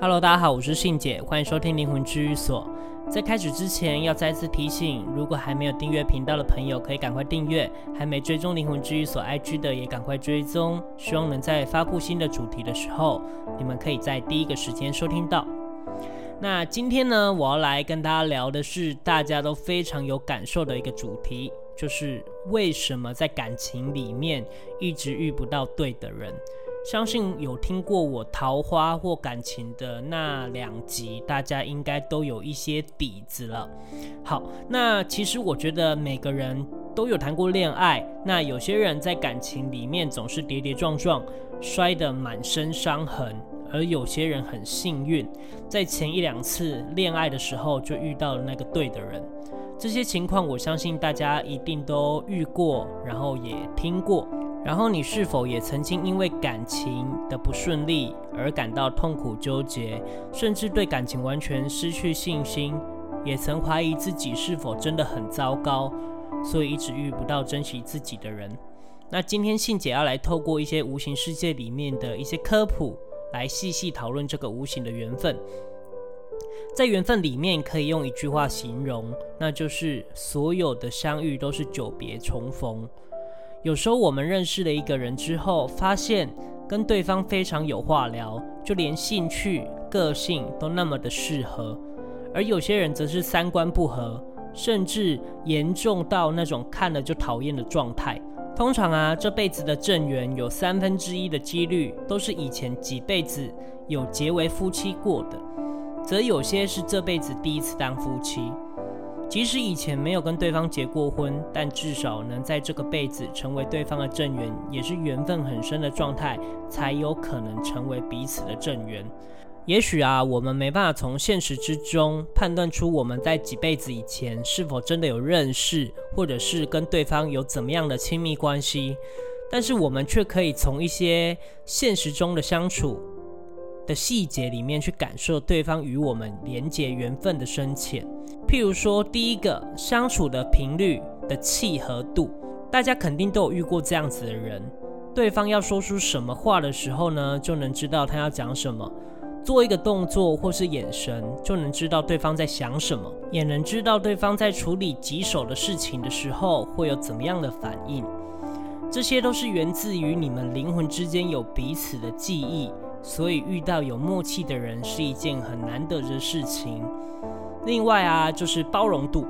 Hello，大家好，我是信姐，歡迎收聽靈魂治癒所。在開始之前，要再次提醒，如果還沒有訂閱頻道的朋友，可以趕快訂閱；還沒追蹤靈魂治癒所 IG 的，也趕快追蹤。希望能在發佈新的主題的時候，你們可以在第一個時間收聽到。那今天呢，我要來跟大家聊的是大家都非常有感受的一個主題，就是為什麼在感情裡面一直遇不到對的人。相信有聽過我桃花或感情的那兩集，大家應該都有一些底子了。好，那其實我覺得每個人都有談過戀愛，那有些人在感情裡面總是跌跌撞撞，摔得滿身傷痕，而有些人很幸運，在前一兩次戀愛的時候就遇到了那個對的人。這些情況我相信大家一定都遇過，然後也聽過。然後你是否也曾經因為感情的不順利而感到痛苦糾結，甚至對感情完全失去信心，也曾懷疑自己是否真的很糟糕，所以一直遇不到珍惜自己的人？那今天信姐要來透過一些無形世界裡面的一些科普，來細細討論這個無形的緣分。在緣分裡面，可以用一句話形容，那就是所有的相遇都是久別重逢。有時候我們認識了一個人之後，發現跟對方非常有話聊，就連興趣、個性都那麼的適合；而有些人則是三觀不合，甚至嚴重到那種看了就討厭的狀態。通常啊，這輩子的正緣有三分之一的幾率都是以前幾輩子有結為夫妻過的，則有些是這輩子第一次當夫妻。即使以前沒有跟對方結過婚，但至少能在這個輩子成為對方的正緣，也是緣分很深的狀態，才有可能成為彼此的正緣。也許啊，我們沒辦法從現實之中判斷出我們在幾輩子以前是否真的有認識，或者是跟對方有怎麼樣的親密關係，但是我們卻可以從一些現實中的相處的細節裡面去感受對方與我們連結緣分的深淺。譬如說，第一個相處的頻率的契合度，大家肯定都有遇過這樣子的人。對方要說出什麼話的時候呢，就能知道他要講什麼；做一個動作或是眼神，就能知道對方在想什麼，也能知道對方在處理棘手的事情的時候會有怎麼樣的反應。這些都是源自於你們靈魂之間有彼此的記憶，所以遇到有默契的人是一件很難得的事情。另外啊，就是包容度，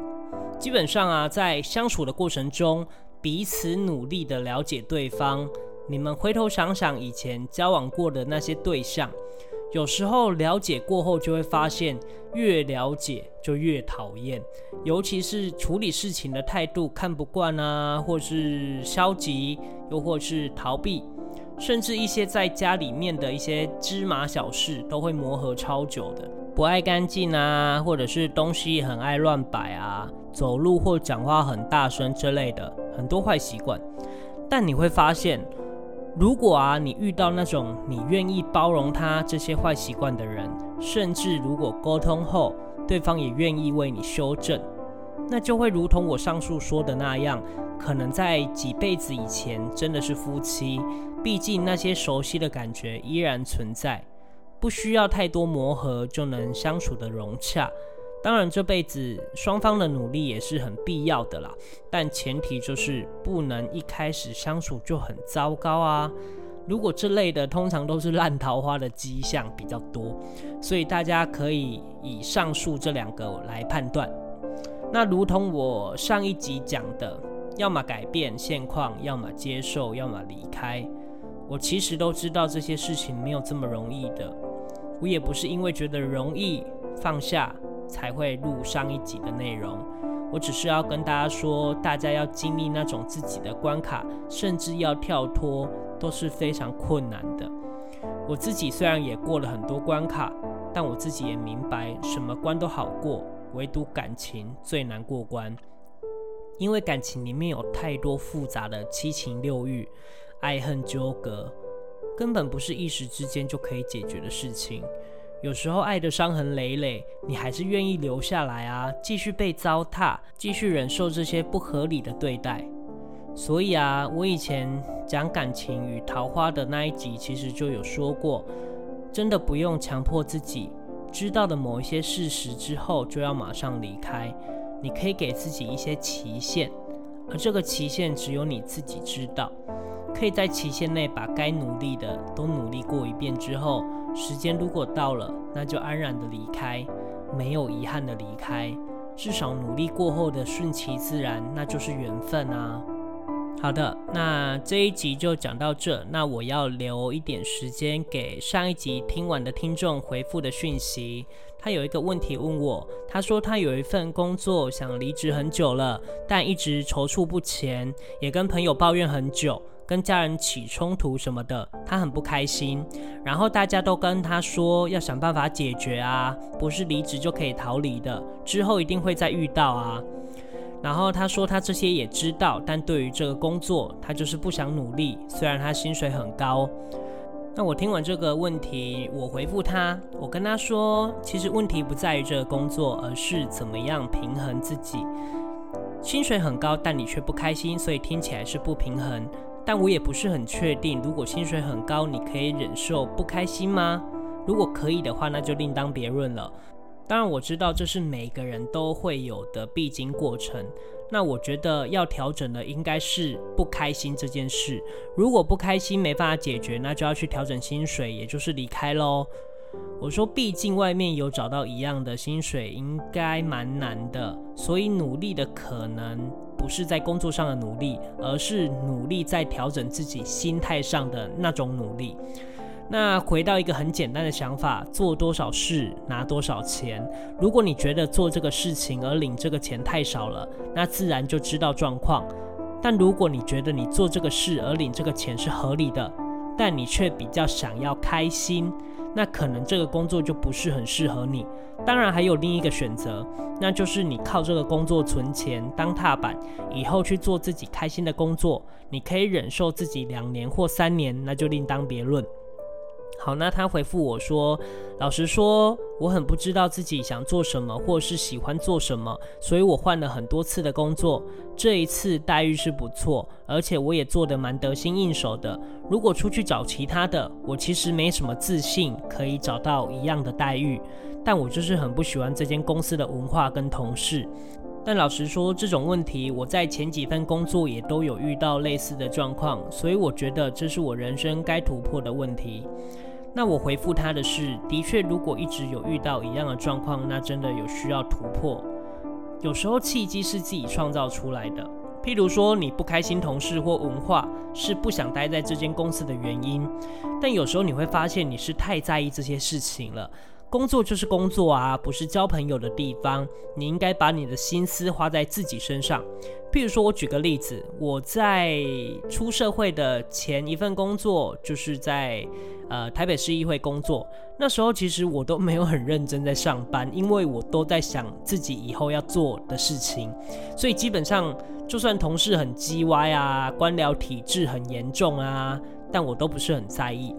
基本上啊，在相處的過程中，彼此努力的了解對方。你們回頭想想以前交往過的那些對象，有時候了解過後就會發現，越了解就越討厭，尤其是處理事情的態度，看不慣啊，或是消極，又或是逃避，甚至一些在家裡面的一些芝麻小事，都會磨合超久的。不愛乾淨啊，或者是東西很愛亂擺啊，走路或講話很大聲之類的，很多壞習慣。但你會發現，如果啊，你遇到那種你願意包容他這些壞習慣的人，甚至如果溝通後，對方也願意為你修正，那就會如同我上述說的那樣，可能在幾輩子以前真的是夫妻，畢竟那些熟悉的感覺依然存在。不需要太多磨合就能相處的融洽，當然這輩子雙方的努力也是很必要的啦。但前提就是不能一開始相處就很糟糕啊。如果這類的通常都是爛桃花的跡象比較多，所以大家可以以上述這兩個來判斷。那如同我上一集講的，要麼改變現況，要麼接受，要麼離開。我其實都知道這些事情沒有這麼容易的。我也不是因為覺得容易放下才會錄上一集的內容，我只是要跟大家說，大家要經歷那種自己的關卡，甚至要跳脫都是非常困難的。我自己雖然也過了很多關卡，但我自己也明白，什麼關都好過，唯獨感情最難過關，因為感情裡面有太多複雜的七情六欲，愛恨糾葛。根本不是一時之間就可以解決的事情。有時候愛得傷痕累累，你還是願意留下來啊，繼續被糟蹋，繼續忍受這些不合理的對待。所以啊，我以前講感情與桃花的那一集，其實就有說過，真的不用強迫自己。知道了某一些事實之後，就要馬上離開。你可以給自己一些期限，而這個期限只有你自己知道。可以在期限內把該努力的都努力過一遍之後，時間如果到了，那就安然的離開，沒有遺憾的離開。至少努力過後的順其自然，那就是緣分啊。好的，那這一集就講到這。那我要留一點時間給上一集聽完的聽眾回復的訊息。他有一個問題問我，他說他有一份工作想離職很久了，但一直躊躇不前，也跟朋友抱怨很久。跟家人起衝突什麼的，他很不開心。然後大家都跟他說，要想辦法解決啊，不是離職就可以逃離的，之後一定會再遇到啊。然後他說他這些也知道，但對於這個工作，他就是不想努力。雖然他薪水很高，那我聽完這個問題，我回復他，我跟他說，其實問題不在於這個工作，而是怎麼樣平衡自己。薪水很高，但你卻不開心，所以聽起來是不平衡。但我也不是很確定，如果薪水很高，你可以忍受不開心嗎？如果可以的話，那就另當別論了。當然，我知道這是每個人都會有的必經過程。那我覺得要調整的應該是不開心這件事。如果不開心沒辦法解決，那就要去調整薪水，也就是離開嘍。我說，畢竟外面有找到一樣的薪水應該蠻難的，所以努力的可能不是在工作上的努力，而是努力在調整自己心態上的那種努力。那回到一個很簡單的想法：做多少事，拿多少錢。如果你覺得做這個事情而領這個錢太少了，那自然就知道狀況；但如果你覺得你做這個事而領這個錢是合理的，但你卻比較想要開心。那可能這個工作就不是很適合你。當然還有另一個選擇，那就是你靠這個工作存錢當踏板，以後去做自己開心的工作，你可以忍受自己兩年或三年，那就另當別論。好，那他回復我說：“老實說，我很不知道自己想做什麼，或是喜歡做什麼，所以我換了很多次的工作。這一次待遇是不錯，而且我也做得蠻得心應手的。如果出去找其他的，我其實沒什麼自信可以找到一樣的待遇。但我就是很不喜歡這間公司的文化跟同事。”但老實說，這種問題我在前幾份工作也都有遇到類似的狀況，所以我覺得這是我人生該突破的問題。那我回覆他的是，的確，如果一直有遇到一樣的狀況，那真的有需要突破。有時候契機是自己創造出來的，譬如說你不開心同事或文化是不想待在這間公司的原因，但有時候你會發現你是太在意這些事情了。工作就是工作啊，不是交朋友的地方。你應該把你的心思花在自己身上。譬如說，我舉個例子，我在出社會的前一份工作，就是在呃台北市議會工作。那時候其實我都沒有很認真在上班，因為我都在想自己以後要做的事情。所以基本上，就算同事很雞歪啊，官僚體制很嚴重啊，但我都不是很在意。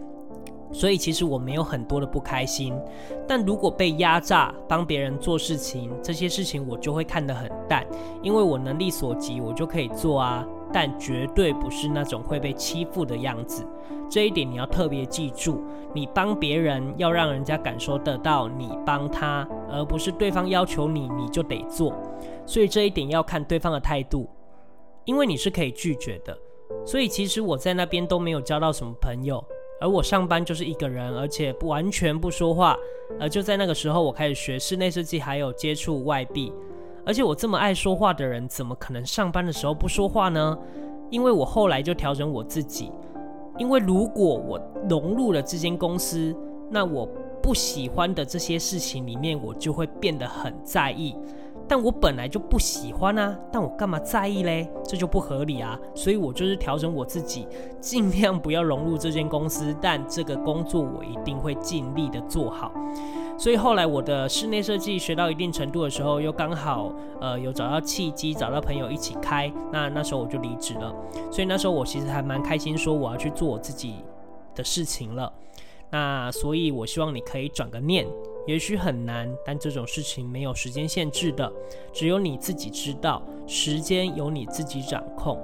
所以其實我沒有很多的不開心，但如果被壓榨、幫別人做事情這些事情，我就會看得很淡，因為我能力所及，我就可以做啊。但絕對不是那種會被欺負的樣子，這一點你要特別記住。你幫別人要讓人家感受得到你幫他，而不是對方要求你，你就得做。所以這一點要看對方的態度，因為你是可以拒絕的。所以其實我在那邊都沒有交到什麼朋友。而我上班就是一個人，而且完全不說話，而就在那個時候，我開始學室內設計，還有接觸外壁。而且我這麼愛說話的人，怎麼可能上班的時候不說話呢？因為我後來就調整我自己，因為如果我融入了這間公司，那我不喜歡的這些事情裡面，我就會變得很在意。但我本來就不喜歡啊，但我幹嘛在意嘞？這就不合理啊！所以我就是調整我自己，盡量不要融入這間公司，但這個工作我一定會盡力的做好。所以後來我的室內設計學到一定程度的時候，又剛好呃有找到契機，找到朋友一起開，那那時候我就離職了。所以那時候我其實還蠻開心，說我要去做我自己的事情了。那所以我希望你可以轉個念。也許很難，但這種事情沒有時間限制的，只有你自己知道，時間由你自己掌控。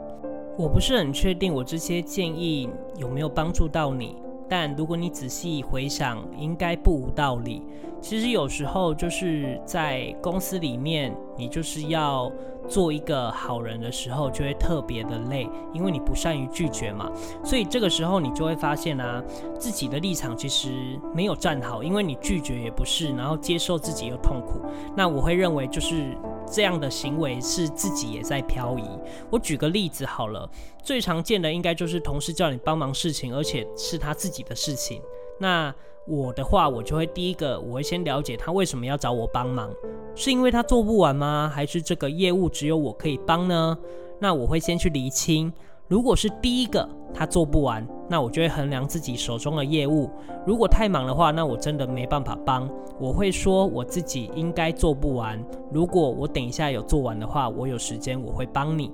我不是很確定我這些建議有沒有幫助到你。但如果你仔細回想，應該不無道理。其實有時候就是在公司裡面，你就是要做一個好人的時候，就會特別的累，因為你不善於拒絕嘛。所以這個時候你就會發現啊，自己的立場其實沒有站好，因為你拒絕也不是，然後接受自己又痛苦。那我會認為就是。這樣的行為是自己也在漂移。我舉個例子好了，最常見的應該就是同事叫你幫忙事情，而且是他自己的事情。那我的話，我就會第一個，我會先了解他為什麼要找我幫忙，是因為他做不完嗎？還是這個業務只有我可以幫呢？那我會先去釐清。如果是第一個，他做不完，那我就會衡量自己手中的業務，如果太忙的話，那我真的沒辦法幫。我會說我自己應該做不完。如果我等一下有做完的話，我有時間我會幫你。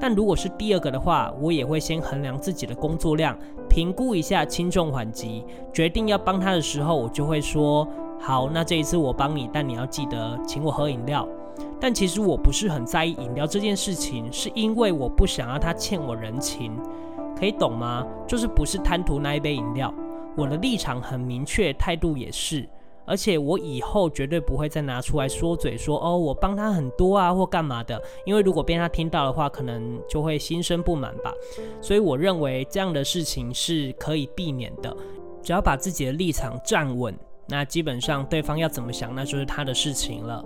但如果是第二個的話，我也會先衡量自己的工作量，評估一下輕重緩急，決定要幫他的時候，我就會說好，那這一次我幫你，但你要記得請我喝飲料。但其實我不是很在意飲料這件事情，是因為我不想要他欠我人情，可以懂嗎？就是不是貪圖那一杯飲料，我的立場很明確，態度也是，而且我以後絕對不會再拿出來說嘴，說哦我幫他很多啊或幹嘛的，因為如果被他聽到的話，可能就會心生不滿吧。所以我認為這樣的事情是可以避免的，只要把自己的立場站穩，那基本上對方要怎麼想，那就是他的事情了。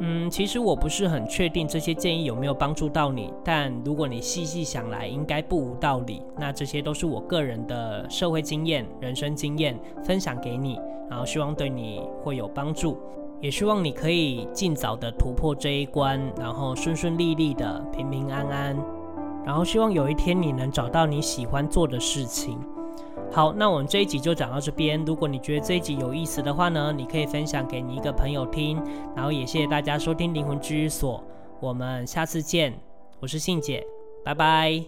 嗯，其實我不是很確定這些建議有沒有幫助到你，但如果你細細想來，應該不無道理。那這些都是我個人的社會經驗、人生經驗分享給你，然後希望對你會有幫助，也希望你可以盡早的突破這一關，然後順順利利的平平安安，然後希望有一天你能找到你喜歡做的事情。好，那我們這一集就講到這邊。如果你覺得這一集有意思的話呢，你可以分享給你一個朋友聽。然後也謝謝大家收聽《靈魂居所》，我們下次見。我是信姐，拜拜。